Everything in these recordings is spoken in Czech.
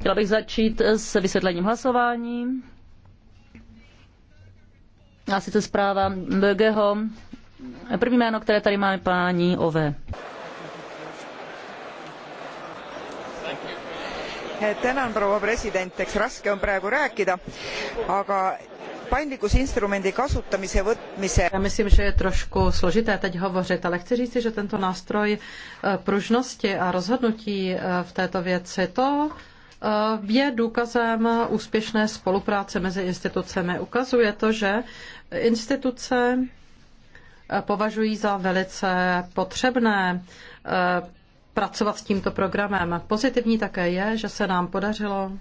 Chtěla bych začít s vysvětlením hlasování. A sice zpráva Bögeho. První jméno, které tady máme, paní Ove. Eh, tänan proua president eks raske on praegu rääkida aga já myslím, že je trošku složité teď hovořit, ale chci říci, že tento nástroj eh, pružnosti a rozhodnutí eh, v této věci to eh, je důkazem úspěšné spolupráce mezi institucemi. Ukazuje to, že instituce považují za velice potřebné pracovat s tímto programem. Pozitivní také je, že se nám podařilo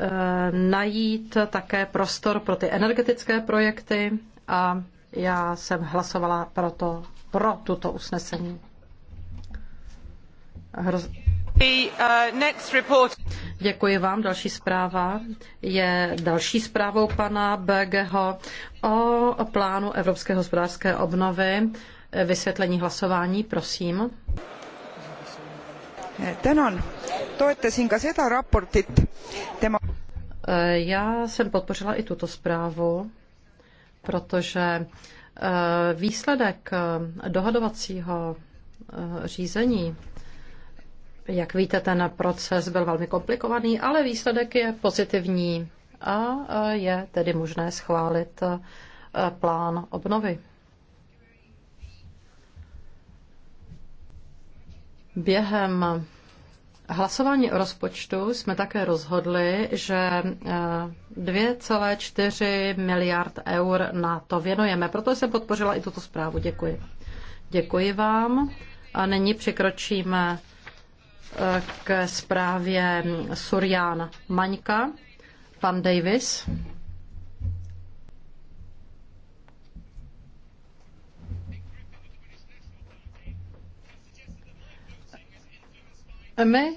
Eh, najít také prostor pro ty energetické projekty a já jsem hlasovala proto, pro tuto usnesení. Hroz... Eh, Děkuji vám. Další zpráva je další zprávou pana Bergeho o plánu Evropské hospodářské obnovy. Vysvětlení hlasování, prosím. on toetasin ka seda raportit tema e, já jsem podpořila i tuto zprávu, protože e, výsledek e, dohadovacího řízení, jak víte, ten proces byl velmi komplikovaný, ale výsledek je pozitivní a je tedy možné schválit plán obnovy. Během hlasování o rozpočtu jsme také rozhodli, že 2,4 eh, miliard eur na to věnujeme. Proto jsem podpořila i tuto zprávu. Děkuji. Děkuji vám. A nyní překročíme eh, k zprávě Surian Maňka. Pan Davis. My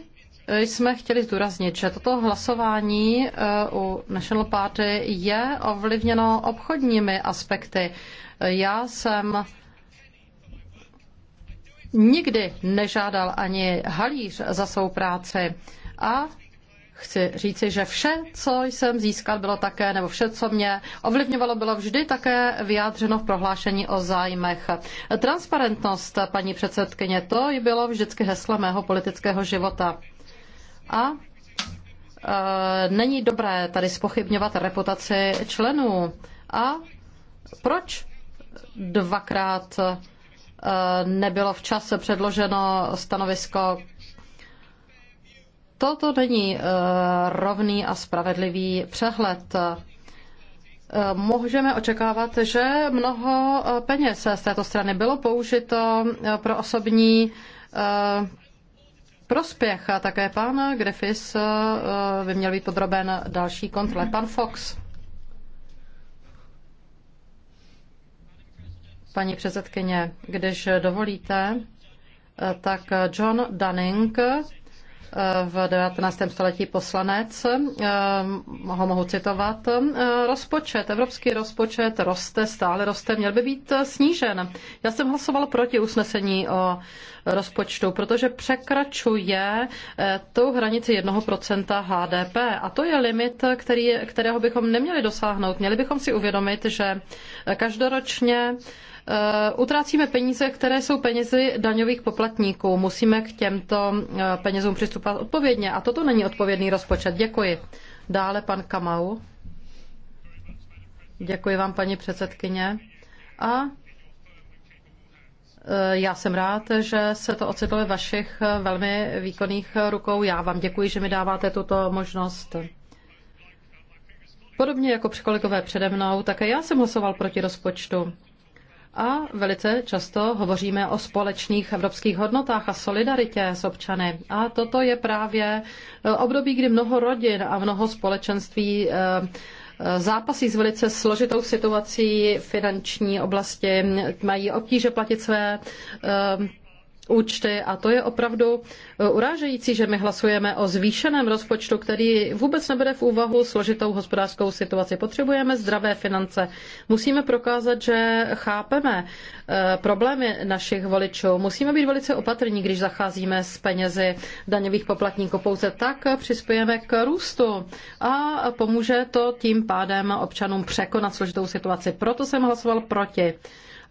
jsme chtěli zdůraznit, že toto hlasování eh, u National Party je ovlivněno obchodními aspekty. Já jsem nikdy nežádal ani halíř za svou práci a chci říci, že vše, co jsem získal, bylo také, nebo vše, co mě ovlivňovalo, bylo vždy také vyjádřeno v prohlášení o zájmech. Transparentnost, paní předsedkyně, to bylo vždycky heslo mého politického života. A e, není dobré tady spochybňovat reputaci členů. A proč dvakrát e, nebylo včas předloženo stanovisko Toto není eh, rovný a spravedlivý přehled. Eh, můžeme očekávat, že mnoho eh, peněz z této strany bylo použito pro osobní prospěch a také pan Griffiths by měl být podroben další kontrole. Pan Fox. Paní předsedkyně, když dovolíte, tak John Dunning v 19. století poslanec, eh, ho mohu citovat, eh, rozpočet, evropský rozpočet roste, stále roste, měl by být snížen. Já jsem hlasoval proti usnesení o rozpočtu, protože překračuje eh, tu hranici 1% HDP a to je limit, který, kterého bychom neměli dosáhnout. Měli bychom si uvědomit, že každoročně Eh, utrácíme peníze, které jsou penězi daňových poplatníků. Musíme k těmto eh, penězům přistupovat odpovědně. A toto není odpovědný rozpočet. Děkuji. Dále pan Kamau. Děkuji vám, paní předsedkyně. A eh, já jsem rád, že se to ocitlo ve vašich velmi výkonných rukou. Já vám děkuji, že mi dáváte tuto možnost. Podobně jako kolegové přede mnou, také já jsem hlasoval proti rozpočtu. A velice často hovoříme o společných evropských hodnotách a solidaritě s občany. A toto je právě eh, období, kdy mnoho rodin a mnoho společenství eh, eh, zápasí s velice složitou situací finanční oblasti, mají obtíže platit své účty a to je opravdu eh, urážející, že my hlasujeme o zvýšeném rozpočtu, který vůbec nebere v úvahu složitou hospodářskou situaci. Potřebujeme zdravé finance. Musíme prokázat, že chápeme eh, problémy našich voličů. Musíme být velice opatrní, když zacházíme s penězi daňových poplatníků. Pouze tak přispějeme k růstu a pomůže to tím pádem občanům překonat složitou situaci. Proto jsem hlasoval proti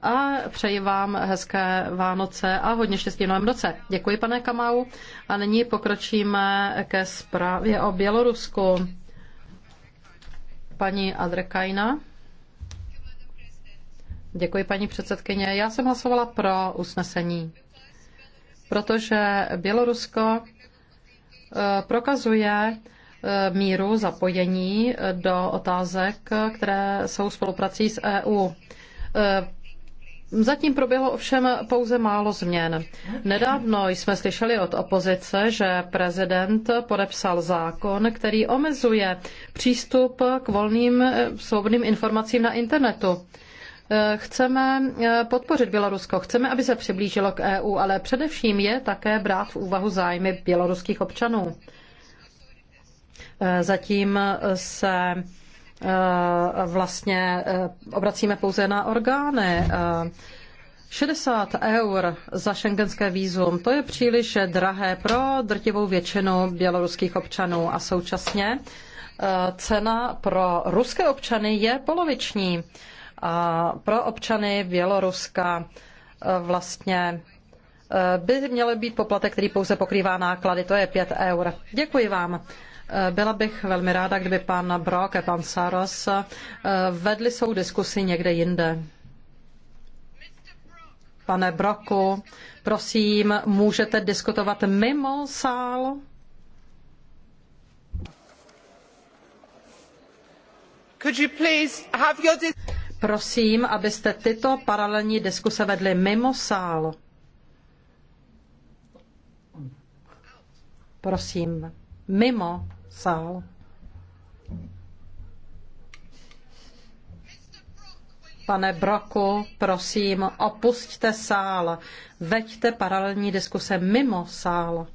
a přeji vám hezké Vánoce a hodně štěstí v novém roce. Děkuji, pane Kamau. A nyní pokročíme ke zprávě o Bělorusku. Paní Adrekajna. Děkuji, paní předsedkyně. Já jsem hlasovala pro usnesení, protože Bělorusko eh, prokazuje eh, míru zapojení do otázek, které jsou spoluprací s EU. Eh, Zatím proběhlo ovšem pouze málo změn. Nedávno jsme slyšeli od opozice, že prezident podepsal zákon, který omezuje přístup k volným eh, svobodným informacím na internetu. Eh, chceme eh, podpořit Bělorusko, chceme, aby se přiblížilo k EU, ale především je také brát v úvahu zájmy běloruských občanů. Zatím se Eh, vlastně eh, obracíme pouze na orgány. 60 eh, eur za šengenské výzum, to je příliš drahé pro drtivou většinu běloruských občanů a současně cena pro ruské občany je poloviční. A pro občany Běloruska vlastně by měl být poplatek, který pouze pokrývá náklady, to je 5 eur. Děkuji vám. Eh, byla bych velmi ráda, kdyby pan Brok a pan Saros eh, vedli svou diskusi někde jinde. Pane Broku, prosím, můžete diskutovat mimo sál? Could you please have your Prosím, abyste tyto paralelní diskuse vedli mimo sál. Prosím, mimo sál. Pane Broku, prosím, opusťte sál. Veďte paralelní diskuse mimo sál.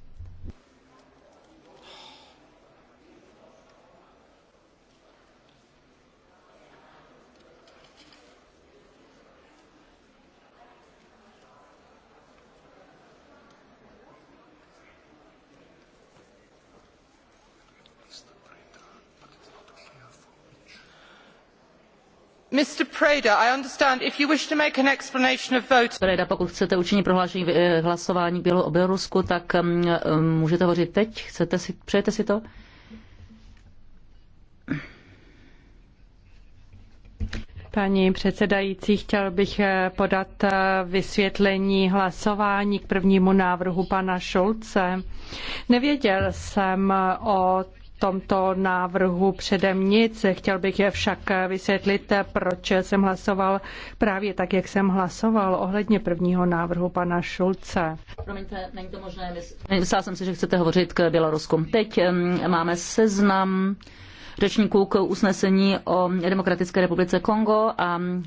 Mr. Preda, pokud chcete učinit prohlášení eh, hlasování o Bělorusku, tak mm, eh, můžete hovořit teď. Chcete si, přejete si to? Paní předsedající, chtěl bych eh, podat vysvětlení hlasování k prvnímu návrhu pana Šulce. Nevěděl jsem o tomto návrhu předem nic. Chtěl bych je však vysvětlit, proč jsem hlasoval právě tak, jak jsem hlasoval ohledně prvního návrhu pana Šulce. Promiňte, není to možné. Myslela jsem si, že chcete hovořit k Bělorusku. Teď máme seznam řečníků k usnesení o Demokratické republice Kongo a um,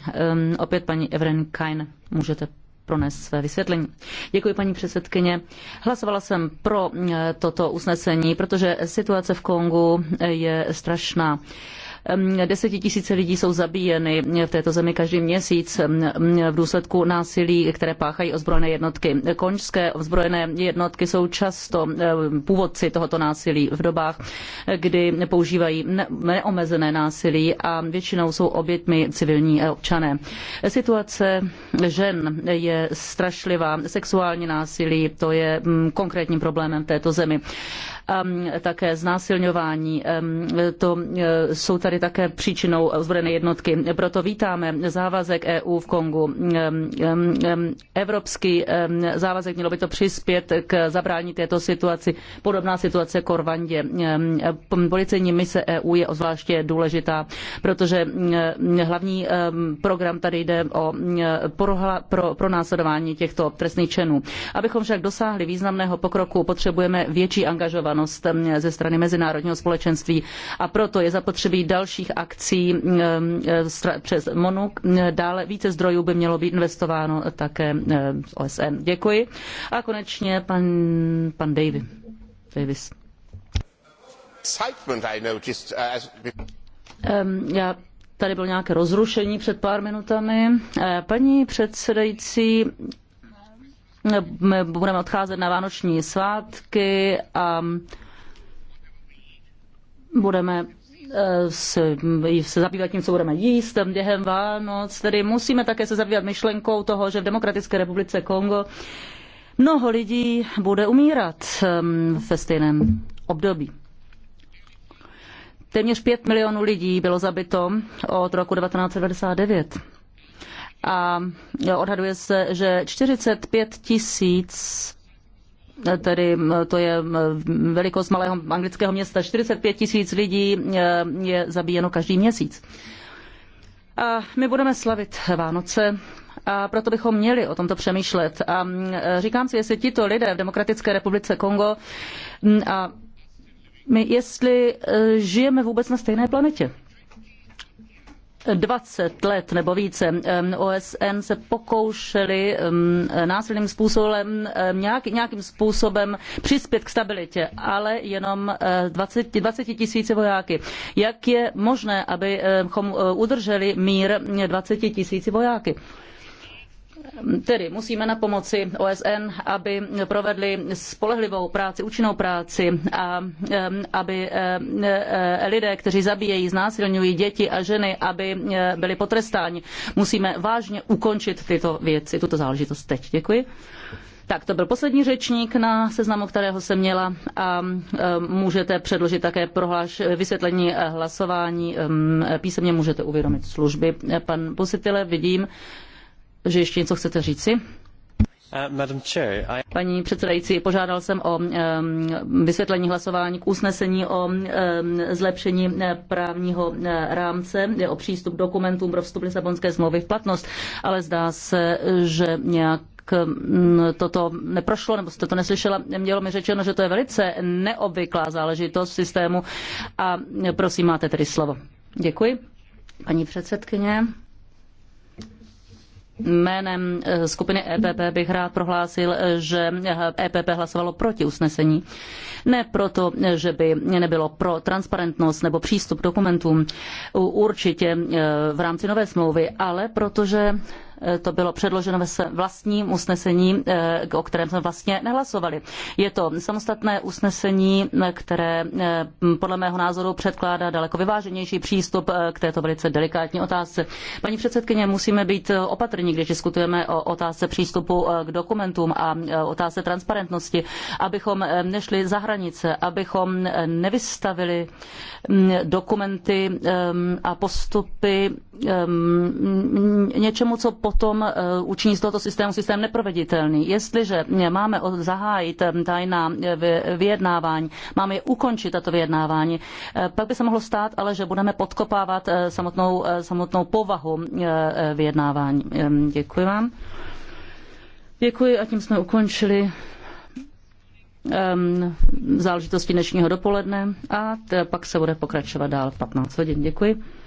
opět paní Evren Kain. Můžete pronést své vysvětlení. Děkuji, paní předsedkyně. Hlasovala jsem pro eh, toto usnesení, protože situace v Kongu eh, je strašná. Desetitisíce lidí jsou zabíjeny v této zemi každý měsíc v důsledku násilí, které páchají ozbrojené jednotky. Konžské ozbrojené jednotky jsou často původci tohoto násilí v dobách, kdy používají neomezené násilí a většinou jsou oběťmi civilní eh, občané. Situace žen je strašlivá. Sexuální násilí, to je konkrétním problémem této zemi také znásilňování. To e, jsou tady také příčinou ozbrojené jednotky. Proto vítáme závazek EU v Kongu. Evropský závazek mělo by to přispět k zabrání této situaci. Podobná situace Korvandě. Policejní mise EU je zvláště důležitá, protože hlavní program tady jde o pronásledování těchto trestných činů. Abychom však dosáhli významného pokroku, potřebujeme větší angažovanost angažovanost eh, ze strany mezinárodního společenství a proto je zapotřebí dalších akcí eh, eh, přes MONUC. Dále více zdrojů by mělo být investováno také z OSN. Děkuji. A konečně pan, pan Davy. Davis. Uh, ehm, já tady bylo nějaké rozrušení před pár minutami. Paní předsedající, budeme odcházet na vánoční svátky a budeme eh, se, se zabývat tím, co budeme jíst během Vánoc. Tedy musíme také se zabývat myšlenkou toho, že v Demokratické republice Kongo mnoho lidí bude umírat ehm, ve stejném období. Téměř 5 milionů lidí bylo zabito od roku 1999 a odhaduje se, že 45 tisíc tedy to je velikost malého anglického města, 45 tisíc lidí eh, je zabíjeno každý měsíc. A my budeme slavit Vánoce a proto bychom měli o tomto přemýšlet. A eh, říkám si, jestli tito lidé v Demokratické republice Kongo mm, a my jestli eh, žijeme vůbec na stejné planetě. 20 let nebo více OSN se pokoušeli násilným způsobem nějak, nějakým způsobem přispět k stabilitě, ale jenom 20, eh, 20 tisíci vojáky. Jak je možné, abychom eh, udrželi mír 20 tisíci vojáky? Tedy musíme na pomoci OSN, aby provedli spolehlivou práci, účinnou práci a aby e, lidé, kteří zabíjejí, znásilňují děti a ženy, aby e, byli potrestáni. Musíme vážně ukončit tyto věci, tuto záležitost teď. Děkuji. Tak, to byl poslední řečník na seznamu, kterého jsem měla a můžete předložit také prohláš vysvětlení hlasování. písemně můžete uvědomit služby. Pan Positile, vidím, že ještě něco chcete říci? Uh, Paní předsedající, požádal jsem o um, vysvětlení hlasování k usnesení o um, zlepšení uh, právního uh, rámce, o přístup dokumentům pro vstup Lisabonské smlouvy v platnost, ale zdá se, že nějak um, toto neprošlo, nebo jste to neslyšela, mělo mi řečeno, že to je velice neobvyklá záležitost systému a prosím, máte tedy slovo. Děkuji. Paní předsedkyně. Jménem eh, skupiny EPP bych rád prohlásil, eh, že EPP eh, e hlasovalo proti usnesení. Ne proto, že by nebylo pro transparentnost nebo přístup k dokumentům určitě v rámci nové smlouvy, ale protože Eh, to bylo předloženo ve svém vlastním usnesení, eh, o kterém jsme vlastně nehlasovali. Je to samostatné usnesení, eh, které podle mého názoru předkládá daleko vyváženější přístup k této velice delikátní otázce. Paní předsedkyně, musíme být opatrní, když diskutujeme o otázce přístupu k dokumentům a otázce transparentnosti, abychom nešli za hranice, abychom nevystavili mm, dokumenty ehm, a postupy ehm, něčemu, co potom eh, učiní z tohoto systému systém neproveditelný. Jestliže máme zahájit eh, tajná eh, vyjednávání, máme je ukončit tato vyjednávání, pak by se mohlo stát, ale že budeme podkopávat samotnou, samotnou povahu vyjednávání. Děkuji vám. Děkuji a tím jsme ukončili záležitosti dnešního dopoledne a pak se bude pokračovat dál v 15 hodin. Děkuji.